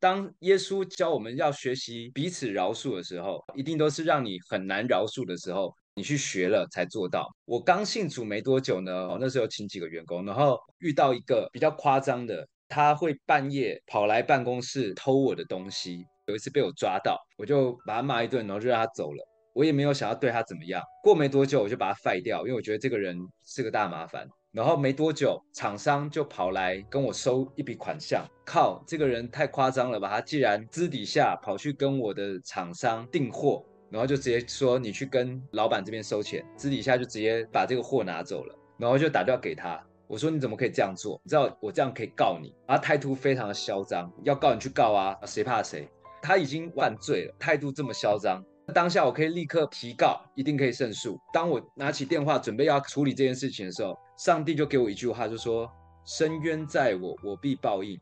當耶穌教我們要學習彼此饒恕的時候，一定都是讓你很難饒恕的時候，你去學了才做到。我剛信主沒多久呢，哦，那時候請幾個員工，然後遇到一個比較誇張的，他會半夜跑來辦公室偷我的東西。有一次被我抓到，我就把他罵一頓，然後就讓他走了。我也沒有想要對他怎麼樣。過沒多久，我就把他廢掉，因為我覺得這個人是個大麻煩。然後沒多久，廠商就跑來跟我收一筆款項。靠，這個人太誇張了吧！他既然私底下跑去跟我的廠商訂貨，然後就直接說你去跟老闆這邊收錢，私底下就直接把這個貨拿走了，然後就打掉給他。我說你怎麼可以這樣做？你知道我這樣可以告你。他態度非常的囂張，要告你去告啊，誰怕誰？他已經犯罪了，態度這麼囂張，當下我可以立刻提告，一定可以勝訴。當我拿起電話準備要處理這件事情的時候。上帝就給我一句話，就說：“伸冤在我，我必報應。”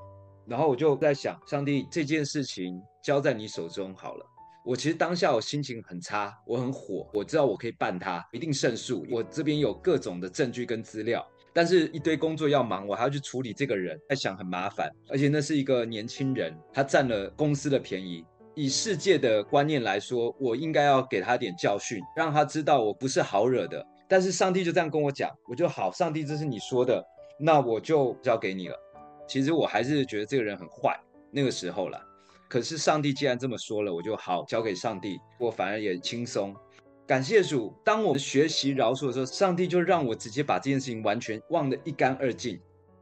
然後我就在想，上帝這件事情交在你手中好了。我其實當下我心情很差，我很火，我知道我可以辦他，一定勝訴。我這邊有各種的證據跟資料，但是一堆工作要忙，我還要去處理這個人，在想很麻煩。而且那是一個年輕人，他占了公司的便宜。以世界的觀念來說，我應該要給他點教訓，讓他知道我不是好惹的。但是上帝就這樣跟我講，我就好，上帝這是你說的，那我就交給你了。其實我還是覺得這個人很壞，那個時候了。可是上帝既然這麼說了，我就好，交給上帝，我反而也輕鬆。感謝主，當我的學習饒恕的時候，上帝就讓我直接把這件事情完全忘得一乾二淨。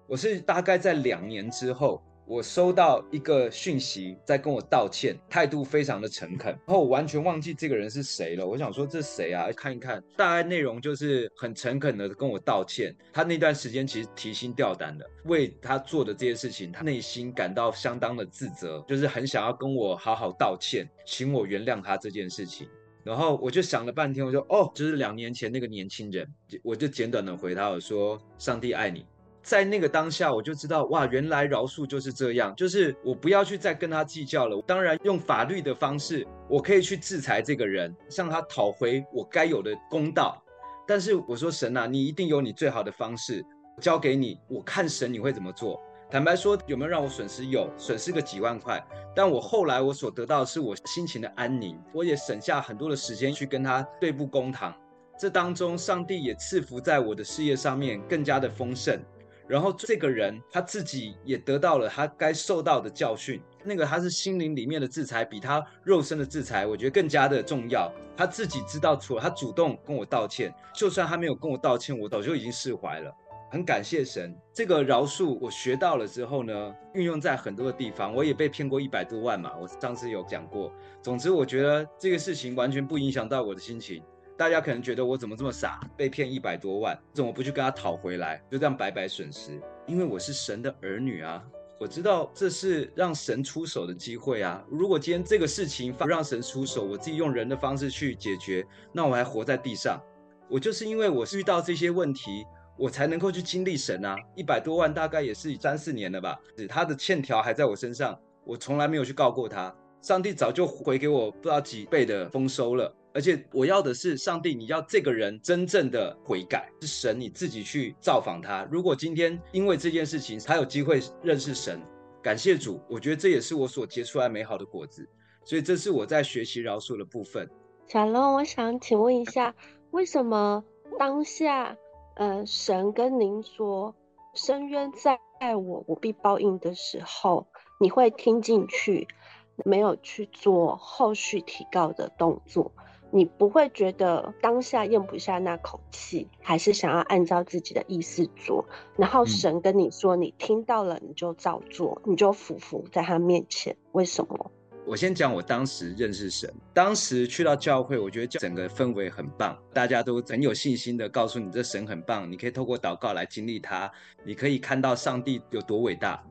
我是大概在兩年之後，我收到一個訊息，在跟我道歉，態度非常的誠懇，然後我完全忘記這個人是誰了。我想說這是誰啊？看一看，大概內容就是很誠懇的跟我道歉。他那段時間其實提心吊膽的，為他做的這些事情，他內心感到相當的自責，就是很想要跟我好好道歉，請我原諒他這件事情。然後我就想了半天，我說哦，就是兩年前那個年輕人，我就簡短的回他，我說：“上帝愛你。”在那個當下，我就知道哇，原來饒恕就是這樣，就是我不要去再跟他計較了。當然，用法律的方式，我可以去制裁這個人，向他討回我該有的公道。但是我說神啊，你一定有你最好的方式，我交給你，我看神你會怎麼做。坦白說，有沒有讓我損失？有損失個幾萬塊，但我後來我所得到的是我心情的安寧，我也省下很多的時間去跟他對簿公堂。這當中，上帝也賜福在我的事業上面更加的豐盛。然後這個人他自己也得到了他該受到的教訓。那個他是心靈裡面的制裁，比他肉身的制裁，我覺得更加的重要。他自己知道錯，他主動跟我道歉。就算他沒有跟我道歉，我早就已經釋懷了。很感謝神。這個饒恕，我學到了之後呢，運用在很多的地方。我也被騙過一百多萬嘛，我上次有講過。總之，我覺得這個事情完全不影響到我的心情。大家可能覺得我怎麼這麼傻，被騙一百多萬，怎麼不去跟他討回來，就這樣白白損失？因為我是神的兒女啊，我知道這是讓神出手的機會啊。如果今天這個事情不讓神出手，我自己用人的方式去解決，那我還活在地上。我就是因為我遇到這些問題，我才能夠去經歷神啊。一百多萬大概也是三四年了吧，他的欠條還在我身上，我從來沒有去告過他。上帝早就回給我不知道幾倍的豐收了。而且我要的是上帝，你要這個人真正的悔改，是神你自己去造訪他。如果今天因為這件事情他有機會認識神，感謝主，我覺得這也是我所結出來美好的果子。所以這是我在學習饒恕的部分。小龍，我想請問一下，為什麼當下，呃，神跟您說“伸冤在我，我必報應”的時候，你會聽進去，沒有去做後續提告的動作？你不會覺得當下咽不下那口氣，還是想要按照自己的意思做，然後神跟你說，你聽到了，你就照做，你就俯伏在他面前。為什麼？我先講我當時認識神，當時去到教會，我覺得整個氛圍很棒，大家都很有信心的告訴你，這神很棒，你可以透過禱告來經歷他，你可以看到上帝有多偉大。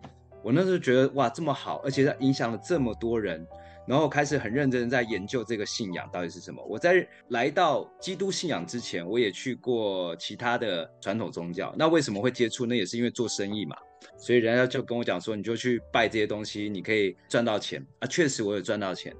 我那時候覺得哇，這麼好，而且他影響了這麼多人。然後開始很認真在研究這個信仰到底是什麼。我在來到基督信仰之前，我也去過其他的傳統宗教。那為什麼會接觸？那也是因為做生意嘛。所以人家就跟我講說，你就去拜這些東西，你可以賺到錢啊。確實，我有賺到錢，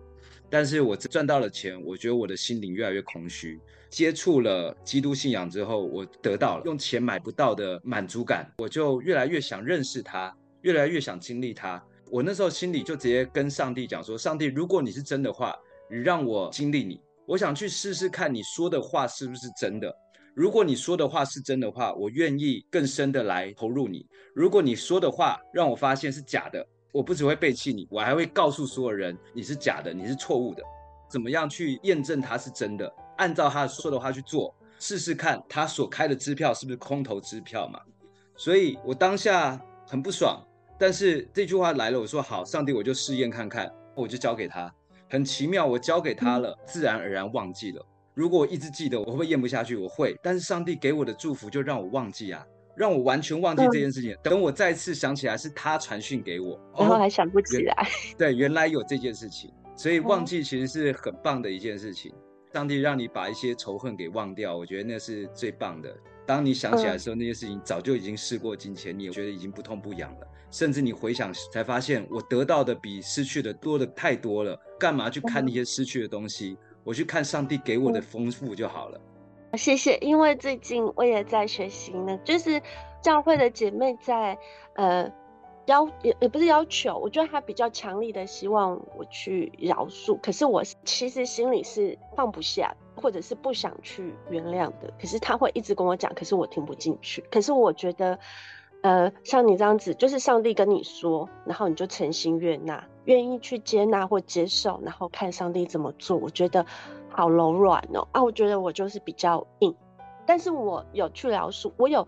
但是我賺到了錢，我覺得我的心靈越來越空虛。接觸了基督信仰之後，我得到了用錢買不到的滿足感，我就越來越想認識他，越來越想經歷他。我那時候心裡就直接跟上帝講說：“上帝，如果你是真的話，你讓我經歷你，我想去試試看你說的話是不是真的。如果你說的話是真的話，我願意更深的來投入你；如果你說的話讓我發現是假的，我不只會背棄你，我還會告訴所有人你是假的，你是錯誤的。怎麼樣去驗證他是真的？按照他說的話去做，試試看他所開的支票是不是空頭支票嘛？所以我當下很不爽。”但是這句話來了，我說好，上帝，我就試驗看看，我就交給他，很奇妙，我交給他了，自然而然忘記了。如果我一直記得，我會不會嚥不下去？我會。但是上帝給我的祝福就讓我忘記啊，讓我完全忘記這件事情。等我再次想起來，是他傳訊給我，我還想不起來。對，原來有這件事情，所以忘記其實是很棒的一件事情。上帝讓你把一些仇恨給忘掉，我覺得那是最棒的。當你想起來的時候，那些事情早就已經事過境遷，你覺得已經不痛不癢了。甚至你回想才發現，我得到的比失去的多得太多了。幹嘛去看那些失去的東西？我去看上帝給我的豐富就好了。謝謝，因為最近我也在學習呢。就是教會的姐妹在呃，要也也不是要求，我覺得她比較強烈的希望我去饒恕，可是我其實心裡是放不下，或者是不想去原諒的。可是她會一直跟我講，可是我聽不進去。可是我覺得。呃，像你這樣子，就是上帝跟你說，然後你就誠心悅納，願意去接納或接受，然後看上帝怎麼做。我覺得好柔軟哦啊！我覺得我就是比較硬，但是我有去老鼠，我有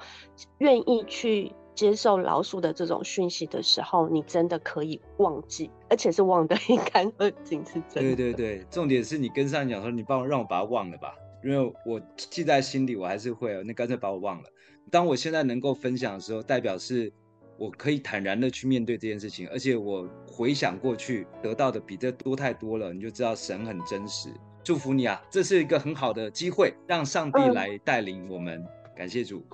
願意去接受老鼠的這種訊息的時候，你真的可以忘記，而且是忘得一乾二淨，是真的。對對對，重點是你跟上帝講說，你幫我讓我把它忘了吧，因為我記在心裡，我還是會。那乾脆把我忘了。當我現在能夠分享的時候，代表是我可以坦然的去面對這件事情，而且我回想過去得到的比這多太多了，你就知道神很真實。祝福你啊，這是一個很好的機會，讓上帝來帶領我們。感謝主。